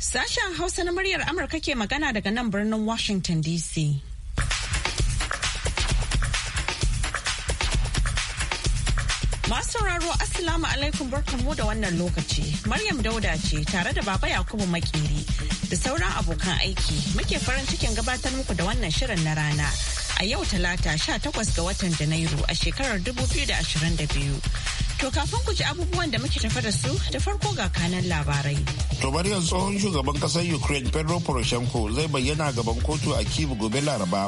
Sashen Hausa na muryar Amurka ke magana daga nan birnin Washington DC. Masu sauraro Assalamu alaikum barkanmu da wannan lokaci. Maryam Dauda ce tare da Baba Yakubu Makeri da sauran abokan aiki muke farin cikin gabatar muku da wannan shirin na rana. a yau talata 18 ga watan Janairu a shekarar 2022. To kafin ku ji abubuwan da muke tafa da su da farko ga kanan labarai. To yanzu tsohon shugaban kasar Ukraine Pedro Poroshenko zai bayyana gaban kotu a Kiev gobe Laraba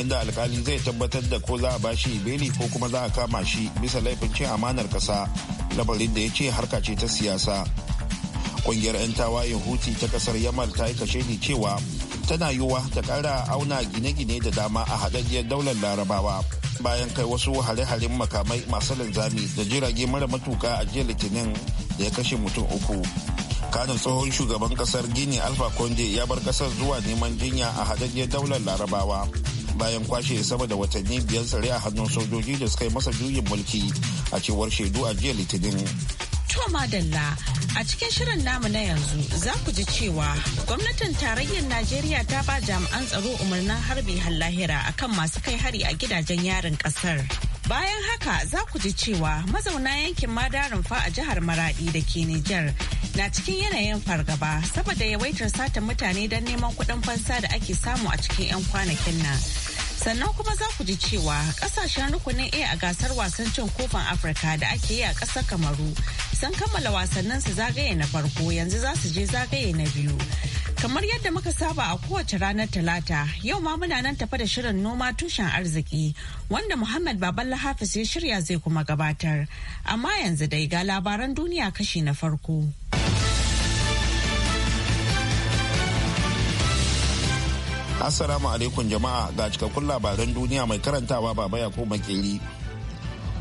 inda alkali zai tabbatar da ko za a bashi beli ko kuma za a kama shi bisa laifin cin amanar kasa labarin da ya ce harka ce ta siyasa. Kungiyar 'yan tawayen Huti ta kasar Yamal ta yi ne cewa tana yiwuwa ta kara auna gine-gine da dama a hadajiyar daular larabawa bayan kai wasu hare-haren makamai masu linzami da jirage mara matuka a jiya litinin da ya kashe mutum uku kanin tsohon shugaban kasar gini alfa konde ya bar kasar zuwa neman jinya a hadajiyar daular larabawa bayan kwashe sama da watanni biyar tsare a hannun sojoji da suka yi masa juyin mulki a cewar shaidu a jiya litinin To madalla a cikin shirin namu na yanzu za ku ji cewa gwamnatin tarayyar Najeriya ta ba jami'an tsaro umarnin harbi hallahira kan masu kai hari a gidajen yarin kasar. Bayan haka za ku ji cewa mazauna yankin madarin fa a jihar Maradi da ke Nijar na cikin yanayin fargaba saboda yawaitar satan mutane don neman kuɗin fansa da ake samu a cikin 'yan kwanakin nan. sannan kuma za ku ji cewa kasashen rukunin a a gasar wasan cin kofin afirka da ake yi a ƙasar kamaru sun kammala wasannin su zagaye na farko yanzu za su je zagaye na biyu. Kamar yadda muka saba a kowace ranar Talata, yau ma muna nan tafa da shirin noma tushen arziki wanda Muhammad Baballa Hafiz ya shirya zai kuma gabatar. Amma yanzu dai ga labaran duniya kashi na farko. Assalamu alaikum jama'a ga cikakkun labaran duniya mai karantawa Baba Yakubu Makeri.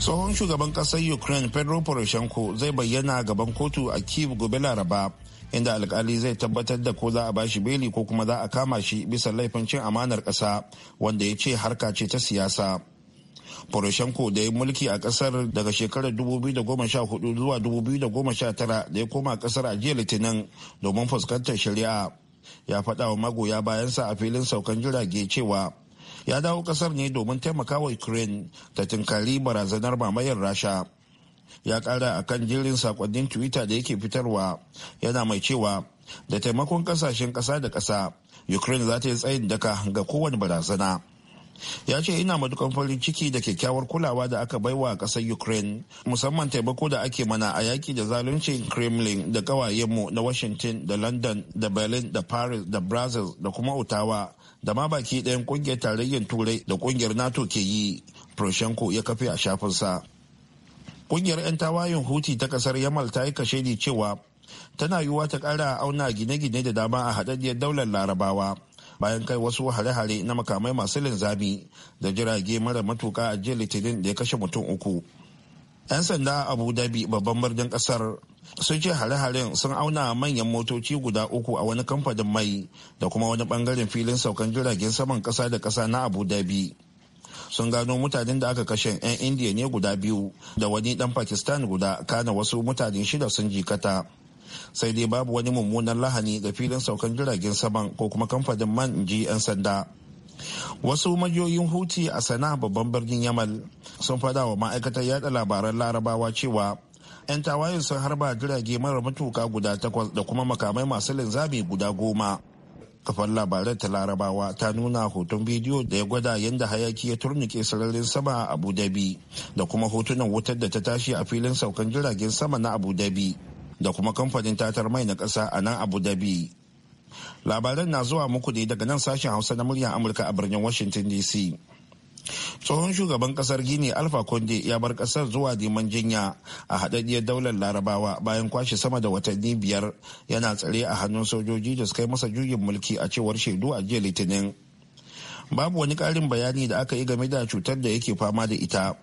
tsohon shugaban kasar ukraine pedro poroshenko zai bayyana gaban kotu a kiev gobe laraba inda alkali zai tabbatar da ko za a bashi beli ko kuma za a kama shi bisa laifin cin amanar kasa wanda ya ce harka ce ta siyasa poroshenko da ya yi mulki a kasar daga shekarar 2014 zuwa 2019 da ya koma kasar a jiya litinin domin fuskantar shari'a ya faɗa wa magoya bayansa a filin saukan jirage cewa ya dawo kasar ne domin taimaka wa ukraine ta tinkari barazanar mamayar rasha ya kara a kan jirin sakonnin twitter da yake fitarwa yana mai cewa da taimakon kasashen kasa da kasa ukraine za ta yi tsayin daka ga kowane barazana ya ce ina madukan farin ciki da kyakkyawar kulawa da aka baiwa kasar ukraine musamman taimako da ake mana a yaki da zaluncin kremlin da kawayenmu na washington da london da berlin da paris da brazil da kuma otawa da ma baki ɗayan ƙungiyar tarayyar turai da ƙungiyar nato ke yi proshenko ya kafe a shafinsa ƙungiyar 'yan tawayen huti ta ƙasar yamal ta yi kashe ne cewa tana yiwuwa ta ƙara auna gine-gine da dama a haɗaɗɗiyar daular larabawa bayan kai wasu hare-hare na makamai masu linzami da jirage mara matuka a jiya litinin da ya kashe mutum uku 'yan sanda abu dhabi babban birnin kasar. sun ce hare-haren sun auna manyan motoci guda uku a wani kamfanin mai da kuma wani bangaren filin saukan jiragen saman kasa da kasa na abu dhabi sun gano mutanen da aka kashe 'yan indiya ne guda biyu da wani dan pakistan guda kana wasu mutane shida sun jikata sai dai babu wani mummunan lahani ga filin saukan jiragen saman ko kuma kamfanin man ji 'yan sanda wasu majiyoyin huti a sana babban birnin yamal sun fada wa ma'aikatar yada labaran larabawa cewa 'yan tawayen sun harba jirage mara matuka guda takwas da kuma makamai masu linzami guda goma kafar labarai ta larabawa ta nuna hoton bidiyo da ya gwada yadda hayaki ya turnike sararin sama a abu dhabi da kuma hotunan wutar da ta tashi a filin saukan jiragen sama na abu dhabi da kuma kamfanin tatar mai na ƙasa a nan abu dhabi labaran na zuwa muku ne daga nan sashen hausa na muryar amurka a birnin washington dc tsohon shugaban kasar gini alfa konde ya bar kasar zuwa neman jinya a haɗaɗɗiyar daular larabawa bayan kwashe sama da watanni biyar yana tsare a hannun sojoji da suka yi masa juyin mulki a cewar shaidu a jiya litinin babu wani ƙarin bayani da aka yi game da cutar da yake fama da ita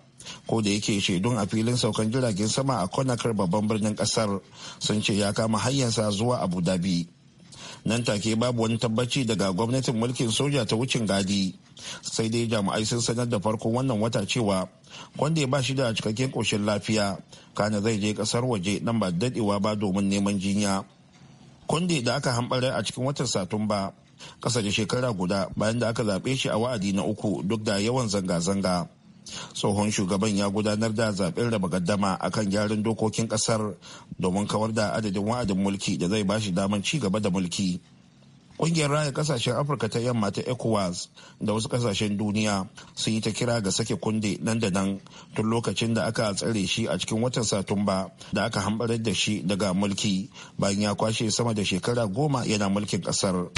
ko da yake shaidun a filin saukan jiragen sama a konakar babban birnin kasar sun ce ya kama hanyarsa zuwa abu dhabi nan take babu wani tabbaci daga gwamnatin mulkin soja ta wucin gadi sai dai jami'ai sun sanar da farkon wannan wata cewa kwanda ba shi da cikakken koshin lafiya kana zai je kasar waje nan ba dadewa ba domin neman jinya kwande da aka hambare a cikin watan satumba kasa da shekara guda bayan da aka zaɓe shi a wa'adi na uku duk da yawan zanga-zanga tsohon shugaban ya gudanar da zaben raba gaddama a kan gyaran dokokin kasar domin kawar da adadin wa'adin mulki da zai bashi daman ci gaba da mulki kungiyar raya kasashen afirka ta yamma ta ecowas da wasu kasashen duniya sun yi ta kira ga sake kunde nan da nan tun lokacin da aka tsare shi a cikin watan satumba da aka hambarar da shi daga mulki bayan ya kwashe sama da shekara goma yana mulkin kasar.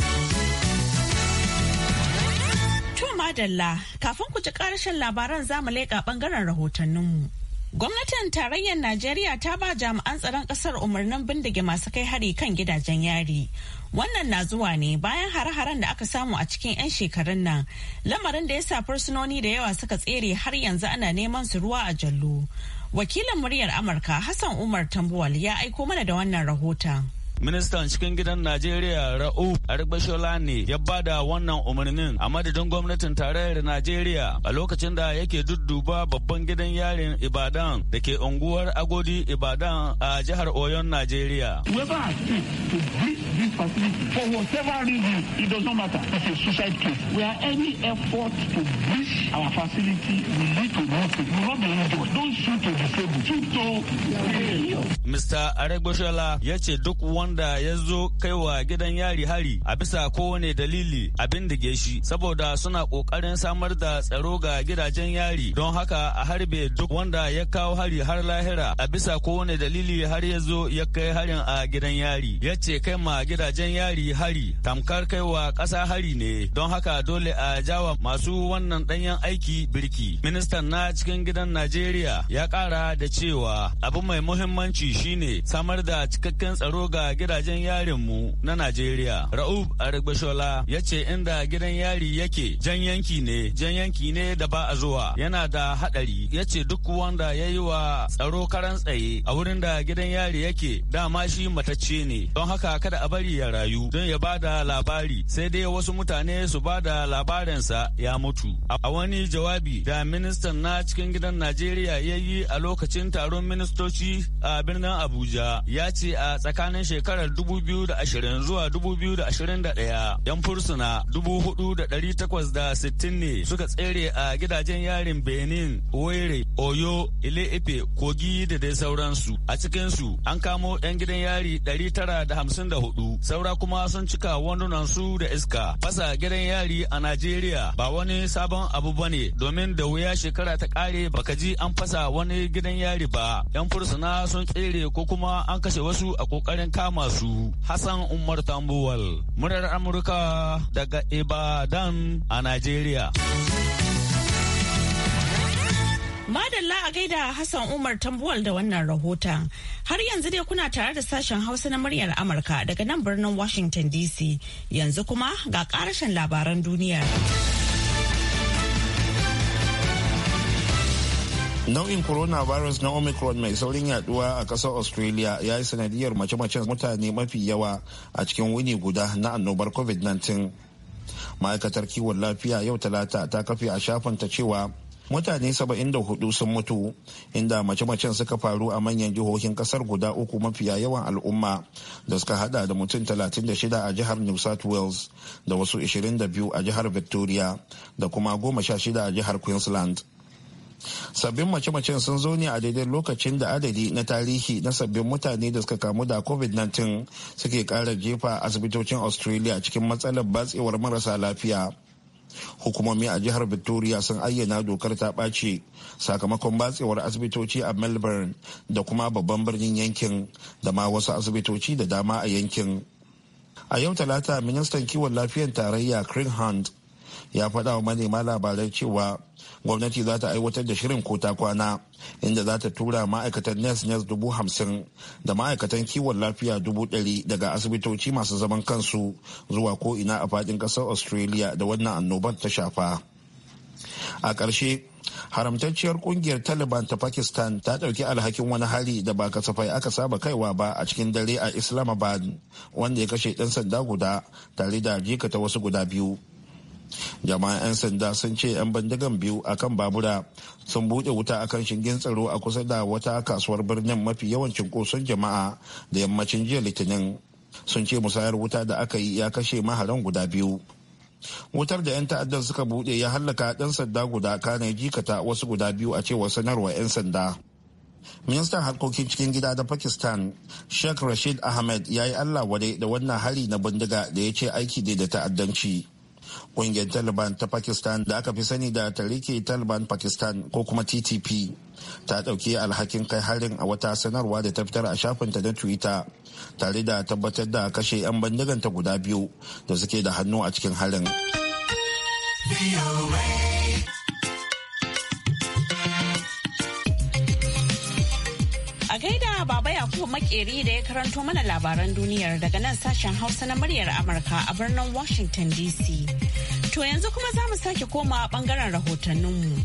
dalla kafin ku ji karshen labaran zamu leƙa bangaren rahotanninmu. Gwamnatin tarayyar Najeriya ta ba jami'an tsaron ƙasar umarnin bindige masu kai hari kan gidajen yari. Wannan na zuwa ne bayan hare-haren da aka samu a cikin 'yan shekarun nan, lamarin da ya sa fursunoni da yawa suka tsere har yanzu ana neman su ruwa a jallo. Wakilin muryar Amurka Hassan Umar Tambuwal ya aiko mana da wannan rahoton. Ministan cikin gidan Najeriya Ra'u Arbashola ne ya bada wannan umarnin a madadin gwamnatin tarayyar Najeriya a lokacin da yake dudduba babban gidan yarin Ibadan da ke unguwar Agodi Ibadan a jihar Oyon Najeriya. For whatever reason, it does not matter. It's a suicide case. Where any effort to breach our facility will lead to nothing. We will not be eligible. Don't shoot to disabled. Shoot to Mr. Aregbeshola ya ce duk wanda ya zo kaiwa gidan yari hari a bisa kowane dalili a da shi saboda suna kokarin samar da tsaro ga gidajen yari don haka a harbe duk wanda ya kawo hari har lahira a bisa kowane dalili har ya zo ya kai harin a gidan yari ya ce kai ma gidajen yari hari tamkar kaiwa kasa hari ne don haka dole a jawa masu wannan danyen aiki birki ministan na cikin gidan najeriya ya kara da cewa abu mai muhimmanci shine ne samar da cikakken tsaro ga gidajen yarin mu na Najeriya. Ra'ub Arigbashola ya ce inda gidan yari yake jan yanki ne, jan yanki ne da ba a zuwa yana da haɗari. Ya ce duk wanda ya yi wa tsaro karan tsaye a wurin da gidan yari yake dama shi matacce ne. Don haka kada a bari ya rayu don ya bada labari sai dai wasu mutane su bada labarinsa ya mutu. A wani jawabi da ministan na cikin gidan Najeriya ya yi a lokacin taron ministoci a birnin Abuja ya ce a tsakanin shekarar 2020 zuwa 2021 'yan fursuna 4,860 ne suka tsere a gidajen yarin Benin, Oire, Oyo, Ile-Ife, Kogi da dai sauransu. A cikinsu an kamo 'yan gidan yari 954 saura kuma sun cika wandunansu da iska. Fasa gidan yari a Najeriya ba wani sabon abu ba ne domin da wuya shekara ta kare baka ji an fasa wani gidan yari ba. 'Yan fursuna sun tsere ko kuma an kashe wasu a kokarin kama su hassan umar tambuwal murar amurka daga ibadan a najeriya Madalla a gaida Hassan Umar tambuwal da wannan rahoton. Har yanzu dai kuna tare da sashen Hausa na muryar Amurka daga nan birnin Washington DC. Yanzu kuma ga karashen labaran duniyar. nau'in coronavirus na omicron mai saurin yaduwa a kasar australia ya yi sanadiyar mace-macen mutane mafi yawa a cikin wuni guda na annobar covid-19 ma'aikatar kiwon lafiya yau talata ta kafe a ta cewa mutane 74 sun mutu inda mace-macen suka faru a manyan jihohin kasar guda uku mafiya yawan al'umma da suka hada da mutum 36 a jihar new south wales da wasu 22 a jihar victoria da kuma 16 a jihar queensland sabbin mace-macen sun zo ne a daidai lokacin da adadi na tarihi na sabbin mutane da suka kamu da covid-19 suke kara jefa asibitocin australia cikin matsalar batsewar marasa lafiya hukumomi a jihar victoria sun ayyana dokar ta ɓace sakamakon batsewar asibitoci a melbourne da kuma babban birnin yankin da ma wasu asibitoci da dama a yankin a yau talata ministan kiwon lafiyar tarayya craig hunt ya faɗa wa manema labarai cewa gwamnati za ta aiwatar da shirin kota kwana inda za ta tura ma'aikatan nes nes dubu hamsin da ma'aikatan kiwon lafiya dubu ɗari daga asibitoci masu zaman kansu zuwa ko ina a faɗin ƙasar australia da wannan annobar ta shafa a ƙarshe haramtacciyar kungiyar taliban ta pakistan ta ɗauki alhakin wani hari da ba kasafai aka saba kaiwa ba a cikin dare a islamabad wanda ya kashe ɗan sanda guda tare da jikata wasu guda biyu jama'an 'yan sanda sun ce 'yan bandigan biyu akan babura sun buɗe wuta akan shingen tsaro a kusa da wata kasuwar birnin mafi yawan cunkoson jama'a da yammacin jiya litinin sun ce musayar wuta da aka yi ya kashe maharan guda biyu wutar da 'yan ta'addan suka buɗe ya hallaka ɗan sanda guda kana jikata wasu guda biyu a cewar sanarwa 'yan sanda ministan harkokin cikin gida da pakistan sheikh rashid ahmed ya yi allah wadai da wannan hari na bindiga da ya ce aiki da ta'addanci ƙungiyar taliban ta pakistan da aka fi sani da tarike taliban pakistan ko kuma ttp ta ɗauki alhakin kai harin a wata sanarwa da ta fitar a shafinta na twitter tare da tabbatar da kashe 'yan bandiganta guda biyu da suke da hannu a cikin harin A gaida Baba Yakub Makeri da ya karanto mana labaran duniyar daga nan sashen Hausa na muryar Amurka a birnin Washington DC. To yanzu kuma za mu sake koma bangaren rahotanninmu.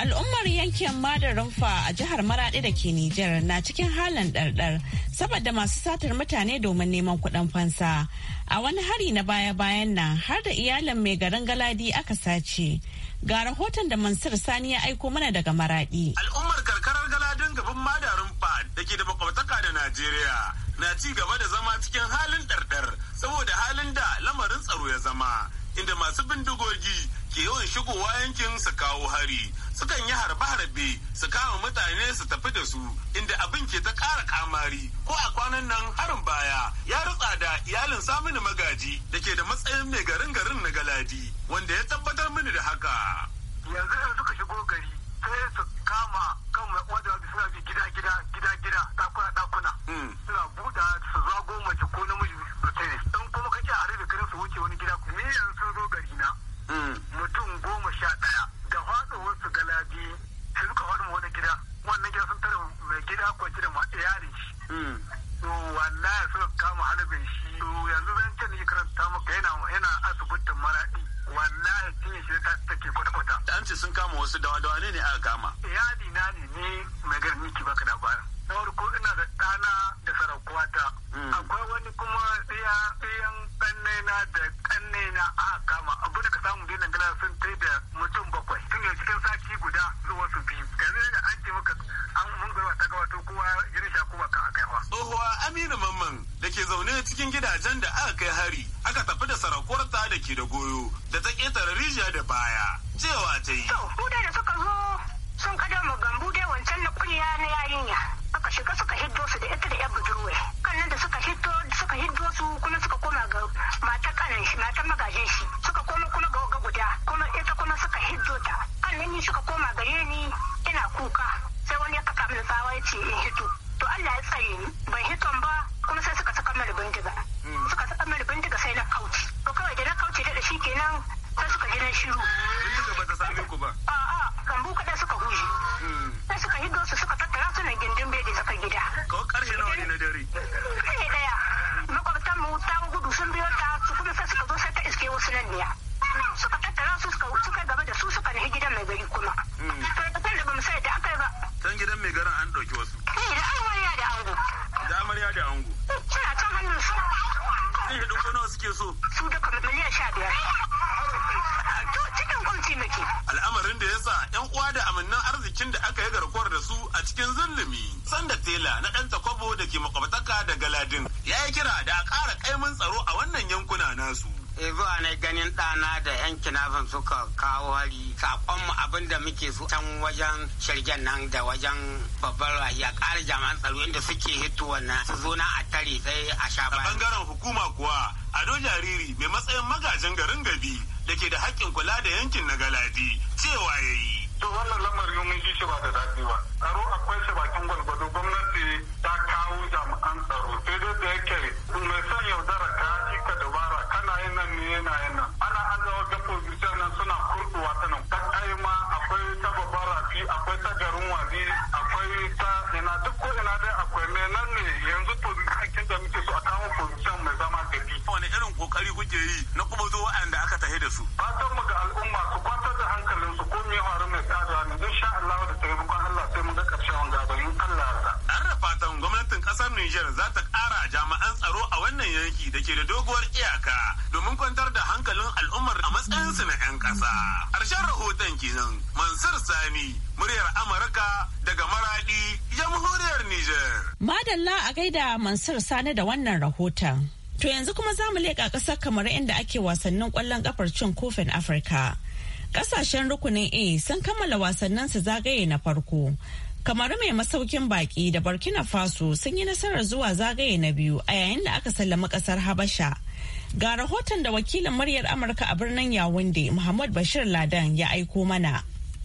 Al'ummar yankin Rumfa a jihar Maraɗi da ke Nijar na cikin halin ɗarɗar saboda masu satar mutane domin neman kuɗin fansa. A wani hari na baya-bayan nan har da iyalin mai garin Galadi aka sace. Ga rahoton da Mansur Sani ya aiko mana daga Maraɗi. Al'ummar karkarar Galadin gaban Rumfa da ke da makwabtaka da Najeriya na ci gaba da zama cikin halin ɗarɗar saboda halin da lamarin tsaro ya zama. inda masu bindigogi ke yawan shigowa yankin su kawo hari sukan yi harbe-harbe su kama mutane su tafi da su inda abin ke ta ƙara kamari ko a kwanan nan harin baya ya rutsa da iyalin saminu magaji da ke da matsayin mai garin garin na galadi wanda ya tabbatar mini da haka yanzu in suka shigo gari sai su kama kan wadda suna bi gida gida gida gida dakuna dakuna hmm. suna buɗa su zago mace ko namiji su wuce wani gida ku yanzu sun zo gari na hmm. mutum goma sha ɗaya da faɗuwar wasu galabi sai suka faɗi wani gida wannan gida sun tara mai gida kwanci da iyalin shi hmm. to wallahi suka kama halibin shi to yanzu zan ce ni karanta maka yana yana asibitin maraɗi wallahi cinye shi ta take kwata-kwata an ce sun kama wasu dawa-dawa ne ne aka kama bai hiton ba kuma sai suka saka mini bindiga hmm. suka saka mini bindiga sai na kauce to kawai da na kauce da shi kenan sai suka bindiga ba shiru wajen nan da wajen babbar a ƙara jami'an tsaro inda suke hituwa na su zo na a tare sai a sha baya. bangaren hukuma kuwa Ado Jariri mai matsayin magajin garin Gabi da ke da haƙƙin kula da yankin na Galadi cewa ya yi. To wannan lamarin mun ji ba da daɗi ba. Tsaro akwai shi bakin gwalgwado gwamnati ta kawo jami'an tsaro. Sai dai da yake mai son yaudara ka ka dabara kana yin nan ne yana yin Nijar za ta ƙara jami'an tsaro a wannan yanki da ke da doguwar iyaka domin kwantar da hankalin al'ummar a matsayinsu na 'yan ƙasa. Harshen rahoton kenan Mansur Sani muryar Amurka daga maraɗi jamhuriyar Nijar. Madalla a gaida Mansur Sani da wannan rahoton. To yanzu kuma za mu leƙa ƙasar kamar inda ake wasannin ƙwallon ƙafar cin kofin Afirka. Ƙasashen rukunin A sun kammala wasanninsu zagaye na farko. Kamaru mai masaukin baki da burkina faso sun yi nasarar zuwa zagaye na biyu a yayin da aka sallama kasar habasha ga rahoton da wakilin muryar amurka a birnin yawunde muhammad bashir ladan ya aiko mana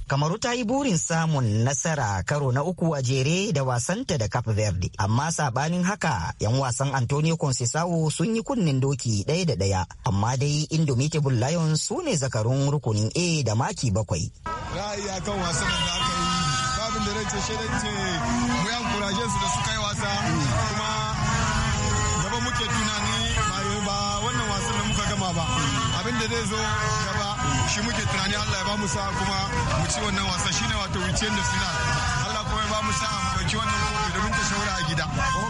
Kamaru ta yi burin samun nasara karo na uku a jere da wasanta da Cape Verde, amma sabanin haka 'yan wasan Antonio Concesao sun yi kunnen doki ɗaya da ɗaya, amma dai Indomitable Lions su ne zakarun rukunin A da maki bakwai. Ra'ayi akan wasan da aka yi abin da rance shi da ce mu yan kurajen su da suka yi wasa kuma gaba muke tunani ba wannan wasan da muka gama ba abin da zai zo gaba shi muke tunani Allah ya ba mu sa'a kuma mu ci wannan wasa shine wato wuce da final Allah kuma ya ba mu sa'a mu ɗauki wannan kofi domin ta shaura a gida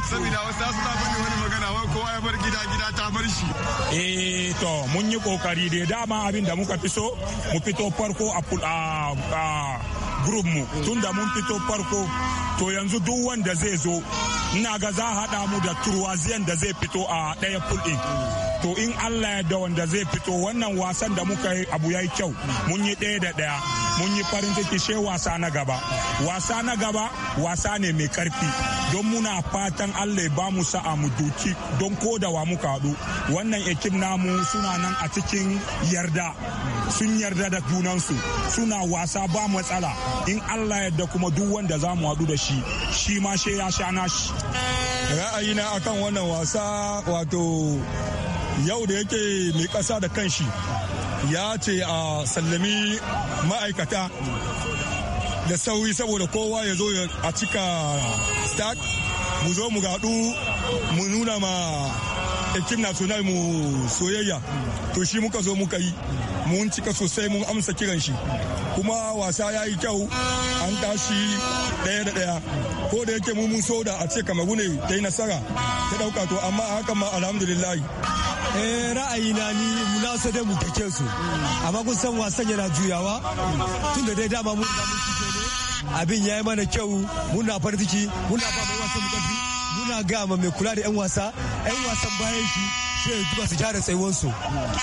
saboda wasu za su ta bani wani magana wai kowa ya bar gida gida ta bar shi eh to mun yi kokari da dama abin da muka fi so mu fito farko a group mu tun da mun fito farko to yanzu duk wanda zai zo ina ga za haɗa mu da turwaziyan da zai fito a ɗaya pool ɗin to in Allah ya da wanda zai fito wannan wasan da muka yi abu ya yi kyau mun yi ɗaya da ɗaya mun yi farin ciki she wasa na gaba wasa na gaba wasa ne mai karfi don muna fatan Allah ya ba mu sa'a mu duki don ko wa muka haɗu wannan ekip namu suna nan a cikin yarda sun yarda da junansu suna wasa ba matsala in Allah yadda kuma duk wanda za mu haɗu da shi shi ma she ya sha nashi ra'ayina akan wannan wasa wato yau da yake mai ƙasa da kanshi ya ce a sallami ma'aikata da sauri saboda kowa ya zo a cika stack mu zo mu gaɗu mu nuna ma ekim national mu soyayya to shi muka zo muka yi mun cika sosai mun amsa kiran shi kuma wasa ya yi kyau an tashi ɗaya da ɗaya ko da yake mun so da a ce kamaru ne ta yi nasara ta ɗauka to amma haka ma alhamdulillahi Eh, ra'ayi na ni muna sai dai mu kake su amma kun san wasan yana juyawa tun da dai dama mun abin yayi mana kyau muna farin ciki muna ba mai wasan mu muna ga mai kula da 'yan wasa 'yan wasan bayan shi sai duba su gyara tsayuwarsu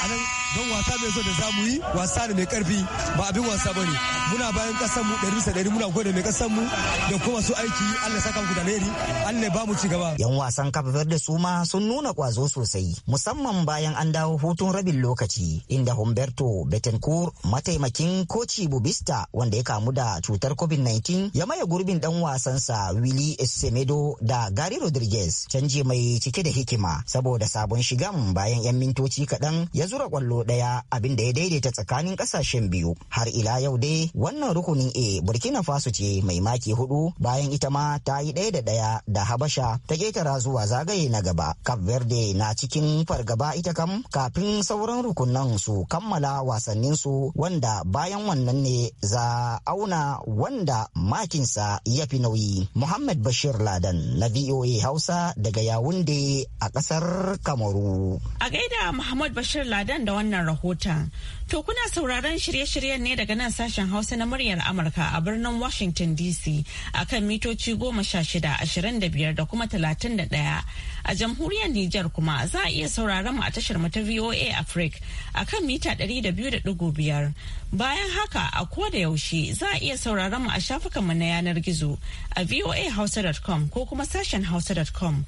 a nan don wasa mai zo da za mu yi wasa da mai karfi ba abin wasa ba ne muna bayan kasan mu ɗari bisa ɗari muna gode mai kasan mu da kuma su aiki allah saka mu da leri allah ba mu ci gaba. yan wasan kafa da su ma sun nuna kwazo sosai musamman bayan an dawo hutun rabin lokaci inda humberto betancourt mataimakin koci bubista wanda ya kamu da cutar covid-19 ya maye gurbin dan wasansa willy semedo da gary rodriguez canji mai cike da hikima saboda sabon shiga kam bayan 'yan mintoci kaɗan ya zura kwallo ɗaya abin da ya daidaita tsakanin ƙasashen biyu har ila yau dai wannan rukunin a burkina faso ce mai maki hudu bayan ita ma ta yi ɗaya da ɗaya da habasha ta ketara zuwa zagaye na gaba cap verde na cikin fargaba ita kam kafin sauran rukunan su kammala wasannin su wanda bayan wannan ne za auna wanda makinsa ya fi nauyi muhammad bashir ladan na voa hausa daga yawunde a ƙasar kamaru A gaida Muhammad Bashir Ladan da wannan rahoton. To kuna sauraron shirye-shiryen ne daga nan sashen Hausa na muryar Amurka a birnin Washington DC akan mitoci goma sha shida ashirin da biyar da kuma talatin da ɗaya. A jamhuriyar Nijar kuma za a iya sauraron mu a tashar mu ta VOA Africa akan mita ɗari da biyu da ɗigo biyar. Bayan haka a ko da yaushe za a iya sauraron mu a shafukanmu na yanar gizo a voahausa.com ko kuma sashen hausa.com.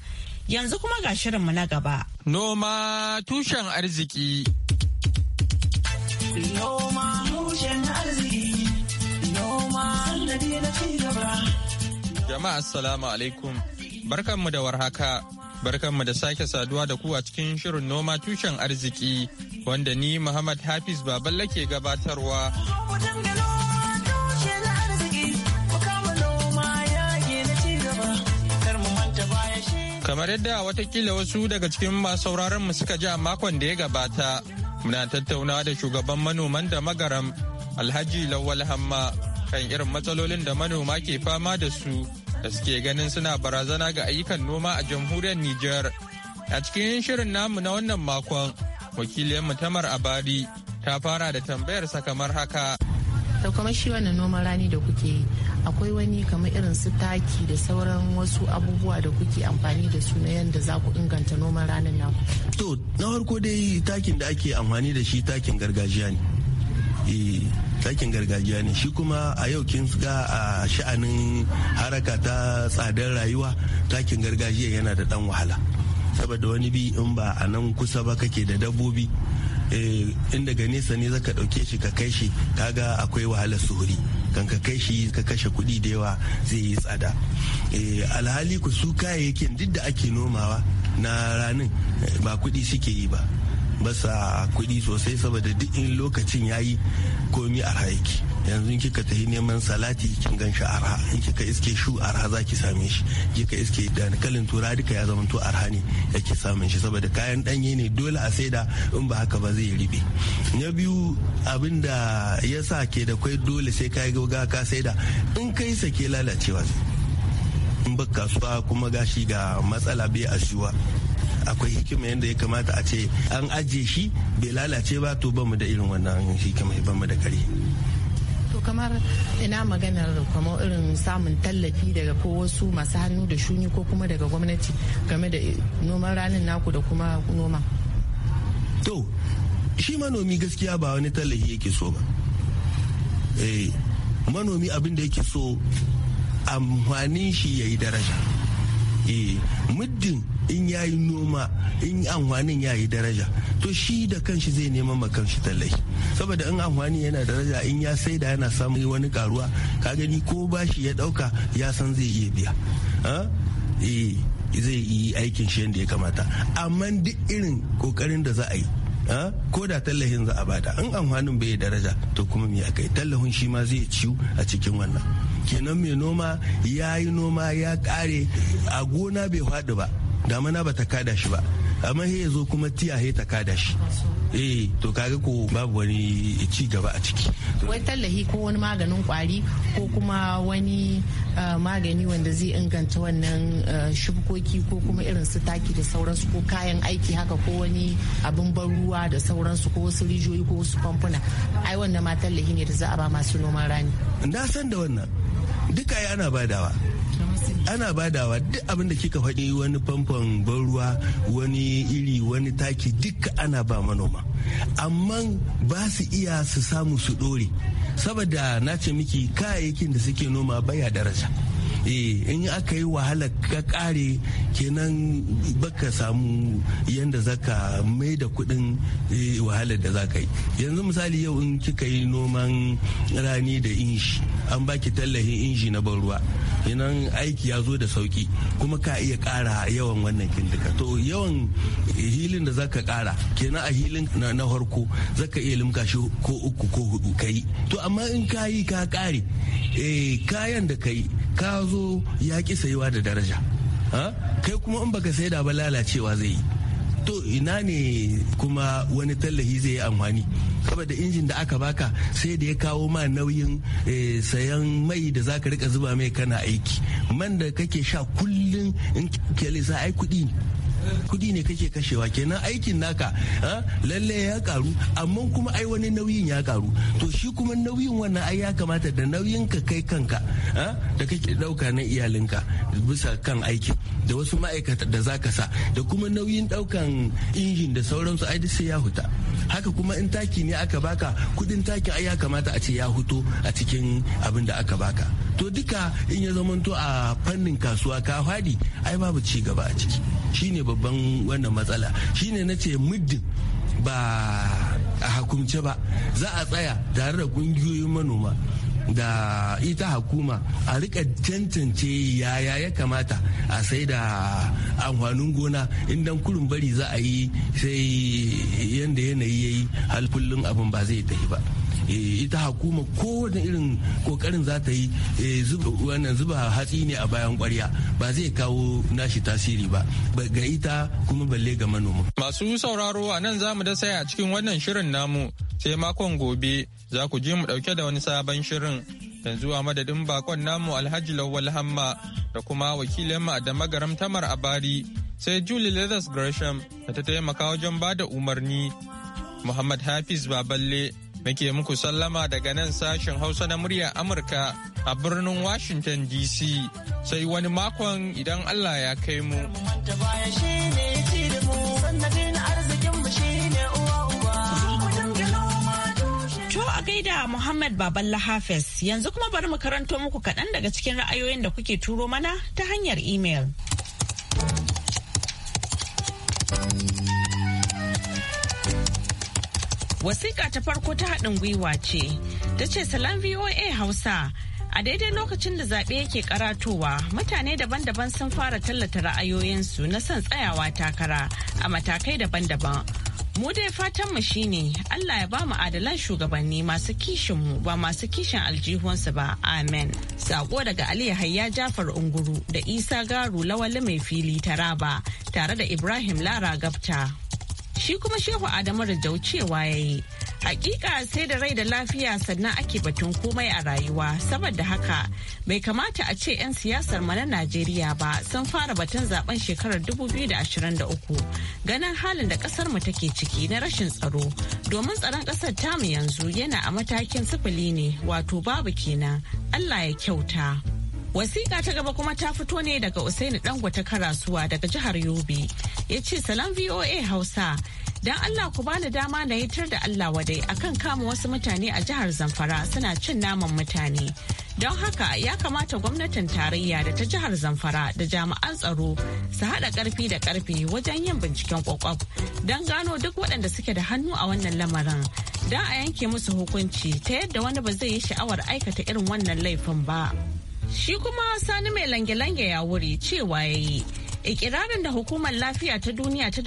Yanzu kuma ga shirin mu na gaba. Noma tushen arziki. Noma tushen arziki. Noma Jama'a assalamu alaikum. Barkanmu da warhaka. Barkanmu da sake saduwa da ku a cikin shirin noma tushen arziki wanda ni Muhammad Hafiz baballe ke gabatarwa. Kamar yadda watakila wasu daga cikin masu sauraron mu suka ji a makon da ya gabata, muna tattaunawa da shugaban manoman da magaram Alhaji Lawal Hamma kan irin matsalolin da manoma ke fama da su da suke ganin suna barazana ga ayyukan noma a jamhuriyar niger A cikin shirin namu na wannan makon, wakiliyar mutamar Abadi ta fara da tambayar sa kamar haka. to kamar shi wannan noman rani da kuke yi akwai wani kamar irin su taki da sauran wasu abubuwa da kuke amfani da su na yadda za ku inganta noman ranin nan to na farko dai takin da ake amfani da shi takin gargajiya ne eh, takin gargajiya ne shi kuma a yau kin ga a sha'anin haraka ta tsadar rayuwa takin gargajiya yana da dan wahala saboda wani bi in ba a nan kusa ba kake da dabbobi Eh, in daga nesa ne zaka ɗauke shi ka kai shi kaga akwai wahalar suhuri kan ka kai shi ka kashe kuɗi da yawa zai yi tsada eh, alhali ku su kayayyakin duk da ake nomawa na ranin eh, ba kuɗi suke yi ba basa kuɗi sosai saboda duk in lokacin yayi komi a haiki yanzu kika tafi neman salati kin gan shi arha in kika iske shu arha za ki same shi kika iske dankalin tura duka ya zama to arha ne yake samun shi saboda kayan danye ne dole a saida in ba haka ba zai ribe na biyu abin da ya sa ke da kwai dole sai ka ga ka saida in kai sake lalacewa in ba kasuwa kuma gashi ga matsala bai a shiwa akwai hikima yadda ya kamata a ce an ajiye shi bai lalace ba to bamu da irin wannan hikima bamu da kare kamar ina maganar kuma irin samun tallafi daga ko wasu masu hannu da shuni ko kuma daga gwamnati game da noman ranin naku da kuma noma to shi manomi gaskiya ba wani tallafi yake so ba eh, manomi abin da yake so amfanin shi ya yi daraja eh muddin in yayi noma in amfanin yayi daraja to shi da kanshi zai nema ma kanshi saboda in amfani yana daraja in ya saida yana samun wani karuwa ka gani ko bashi ya dauka ya san zai iya biya ah? eh, zai yi aikin shi yadda ya kamata amma duk irin kokarin da za a yi ko da tallahin za a bada in amfanin bai daraja to kuma me yi? tallafin shi ma zai ciwo a cikin wannan kenan mai noma ya yi noma ya kare a gona bai faɗi ba damana ba ta kada shi ba amma sai ya zo kuma tiyaye ta kada shi eh to kaga ko babu wani ci gaba a ciki wai tallahi ko wani maganin kwari ko kuma wani uh, magani wanda zai inganta wannan uh, shubkoki ko kuma irin su taki da sauransu ko kayan aiki haka ko wani abin ban ruwa da sauransu ko wasu rijiyoyi ko wasu famfuna ai wannan ma tallahi ne da za a ba masu noman rani na san da wannan duka ya ana badawa ana badawa duk abin da kika faɗi wani famfon ban ruwa wani iri wani taki duka ana ba manoma amma ba su iya su samu su ɗore saboda na ce miki kayayyakin da suke noma baya daraja Eh, in aka yi wahala ka kare kenan baka samu yadda zaka mai da kudin eh, wahalar da zaka yi yanzu misali yau in kika yi noman rani da inshi an baki tallahin inji na ban ruwa kenan aiki ya zo da sauki kuma ka iya kara yawan wannan kindika to yawan hilin da zaka kara kenan a hilin na harko zaka iya limka shi ko uku ko hudu kai to amma in ka yi ka kare eh, kayan da kai ka zo zo ya ƙi sayuwa da daraja kai kuma in baka da ba lalacewa zai yi to ina ne kuma wani tallahi zai yi amfani saboda injin da aka baka sai da ya kawo ma nauyin eh, sayan mai da zaka rika zuba mai kana aiki man da kake sha kullum in kyalisa ai kuɗi ne kudi ne kake kashewa kenan aikin naka lalle ya karu amma kuma ai wani nauyin ya karu to shi kuma nauyin wannan ai ya kamata da nauyin ka kai kanka da kake dauka na iyalinka bisa kan aiki da wasu ma'aikata da zaka sa da kuma nauyin daukan injin da sauransu ai sai ya huta haka kuma in taki ne aka baka kudin takin ai ya kamata a ce ya huto a cikin abin da aka baka to duka in ya zamanto a fannin kasuwa ka fadi ai babu ci gaba a ciki shine babban wannan matsala shine na ce muddin ba a hakumce ba za a tsaya tare da kungiyoyin manoma da ita hakuma a rika tantance yaya ya kamata a sai da amfanin gona indan kurin bari za a yi sai yadda yanayi ya yi halkullin abin ba zai tafi ba. Eh, ita hukuma kowane irin kokarin za ta yi eh, wannan zuba hatsi ne a bayan kwarya ba zai kawo nashi tasiri ba ga ita kuma balle ga manoma. Masu sauraro a nan za mu da saya cikin wannan shirin namu sai makon gobe za ku je mu dauke da wani sabon shirin yanzu a madadin bakon namu alhaji lawal hamma da kuma wakilin a da magaram tamar abari sai julie leathers gresham da ta taimaka wajen ba da umarni muhammad hafiz baballe Muke muku sallama daga nan sashen Hausa na murya Amurka a birnin Washington DC sai wani makon idan Allah ya kai mu. a gaida Muhammad Baballa Hafiz yanzu kuma bari mu karanto muku kaɗan daga cikin ra'ayoyin da kuke turo mana ta hanyar imel. Wasiƙa ta farko ta haɗin gwiwa ce, ta ce salam VOA Hausa. A daidai lokacin da zaɓe yake karatowa, mutane daban-daban sun fara tallata ra'ayoyinsu na son tsayawa takara a matakai daban-daban. Mu dai fatanmu shine Allah ya ba mu adalan shugabanni masu kishin mu ba masu kishin aljihunsu ba. Amen. Sako daga Ali Hayya Jafar Unguru da Isa Garu Lawali mai fili Taraba tare da Ibrahim Lara Gabta. shi kuma shehu adamu rajau cewa ya yi hakika sai da rai da lafiya sannan ake batun komai a rayuwa saboda haka bai kamata a ce 'yan siyasar mana najeriya ba sun fara batun zaben shekarar 2023 ganin halin da kasar mu take ciki na rashin tsaro domin tsaron kasar tamu yanzu yana a matakin sifili ne wato babu kenan allah ya kyauta Wasiƙa ta gaba kuma ta fito ne daga Usaini ta Karasuwa daga jihar Yobe. Ya ce salam VOA Hausa. Don Allah ku bani dama na yitar da Allah wadai akan kama wasu mutane a jihar Zamfara suna cin naman mutane. Don haka ya kamata gwamnatin tarayya da ta jihar Zamfara da jami'an tsaro su haɗa ƙarfi da ƙarfi wajen yin binciken kwakwaf don gano duk waɗanda suke da hannu a wannan lamarin. Don a yanke musu hukunci ta yadda wani ba zai yi sha'awar aikata irin wannan laifin ba. Shi kuma sani mai lange-lange ya wuri cewa ya yi. Ikirarin da hukumar lafiya ta duniya ta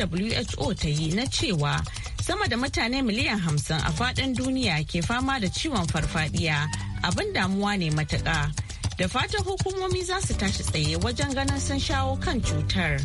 WHO ta yi na cewa sama da mutane miliyan hamsin a faɗin duniya ke fama da ciwon farfadiya abin damuwa ne matuƙa. Da fatan hukumomi za su tashi tsaye wajen ganin sun shawo kan cutar.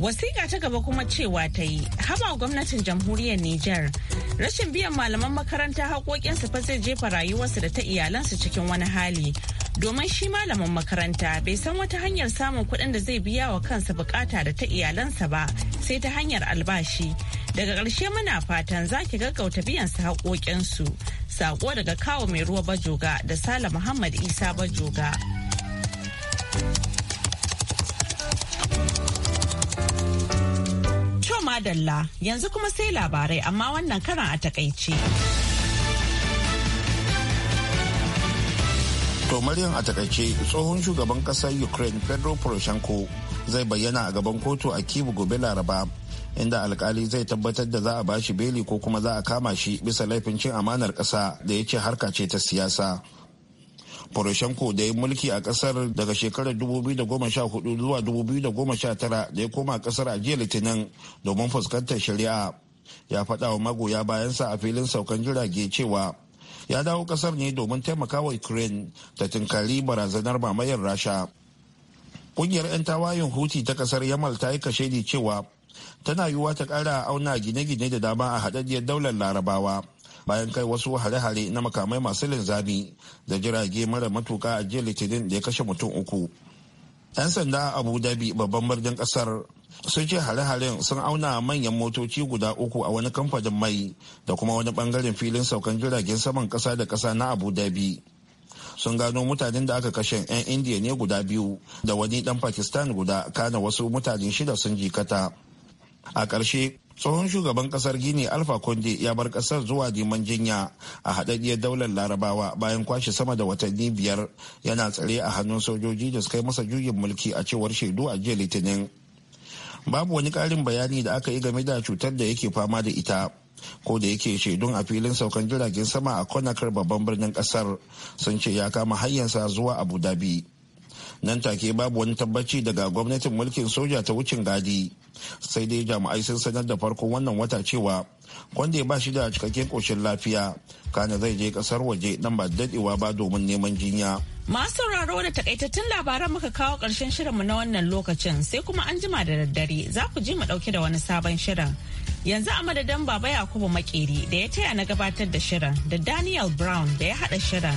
wasiƙa ta gaba kuma cewa ta yi haba gwamnatin jamhuriyar Nijar rashin biyan malaman makaranta haƙoƙinsu fa zai jefa rayuwarsu da ta iyalansu cikin wani hali domin shi malamin makaranta bai san wata hanyar samun kuɗin da zai biya wa kansa bukata da ta iyalansa ba sai ta hanyar albashi daga ƙarshe muna fatan za ki gaggauta biyan su haƙoƙinsu saƙo daga kawo mai ruwa bajoga da sala muhammad isa bajoga madalla yanzu kuma sai labarai amma wannan karan a takaice. To muryan a takaice tsohon shugaban kasar Ukraine Pedro Poroshenko zai bayyana a gaban kotu a Kibu gobe Laraba inda alkali zai tabbatar da za a bashi beli ko kuma za a kama shi bisa laifin cin amanar ƙasa da ya ce harka ce ta siyasa. Poroshenko da ya mulki a kasar daga shekarar 2014 zuwa 2019 da ya koma kasar a jiya litinin domin fuskantar shari'a ya faɗa wa magoya bayansa a filin saukan jirage cewa ya dawo kasar ne domin taimakawa ukraine ta tunkari barazanar mamayar rasha kungiyar 'yan tawayin huti ta kasar yamal ta yi kashe ne cewa tana yiwuwa ta kara auna gine-gine da dama a haɗaɗɗiyar daular larabawa bayan kai wasu hare-hare na makamai masu linzami da jirage mara matuka a jiya litinin da ya kashe mutum uku 'yan sanda abu dhabi babban birnin kasar sun ce hare-haren sun auna manyan motoci guda uku a wani kamfanin mai da kuma wani bangaren filin saukan jiragen saman kasa da kasa na abu dhabi sun gano mutanen da aka kashe 'yan indiya ne guda biyu da wani dan pakistan guda kana wasu mutane shida sun jikata a ƙarshe tsohon shugaban kasar gini alfa konde ya bar kasar zuwa neman jinya a haɗaɗɗiyar daular larabawa bayan kwashe sama da watanni biyar yana tsare a hannun sojoji da suka yi masa juyin mulki a cewar shaidu a jiya litinin babu wani ƙarin bayani da aka yi game da cutar da yake fama da ita ko da yake shaidun a filin saukan jiragen sama a konakar babban birnin kasar sun ce ya kama hanyarsa zuwa abu dhabi nan take babu wani tabbaci daga gwamnatin mulkin soja ta wucin gadi sai dai jami'ai sun sanar da farkon wannan wata cewa kwande ba shi da cikakken koshin lafiya kana zai je kasar waje nan ba dadewa ba domin neman jinya masu sauraro da takaitattun labaran muka kawo karshen shirinmu na wannan lokacin sai kuma an jima da daddare za ku ji mu dauke da wani sabon shirin yanzu a madadin baba yakubu makeri da ya taya na gabatar da shirin da daniel brown da ya hada shirin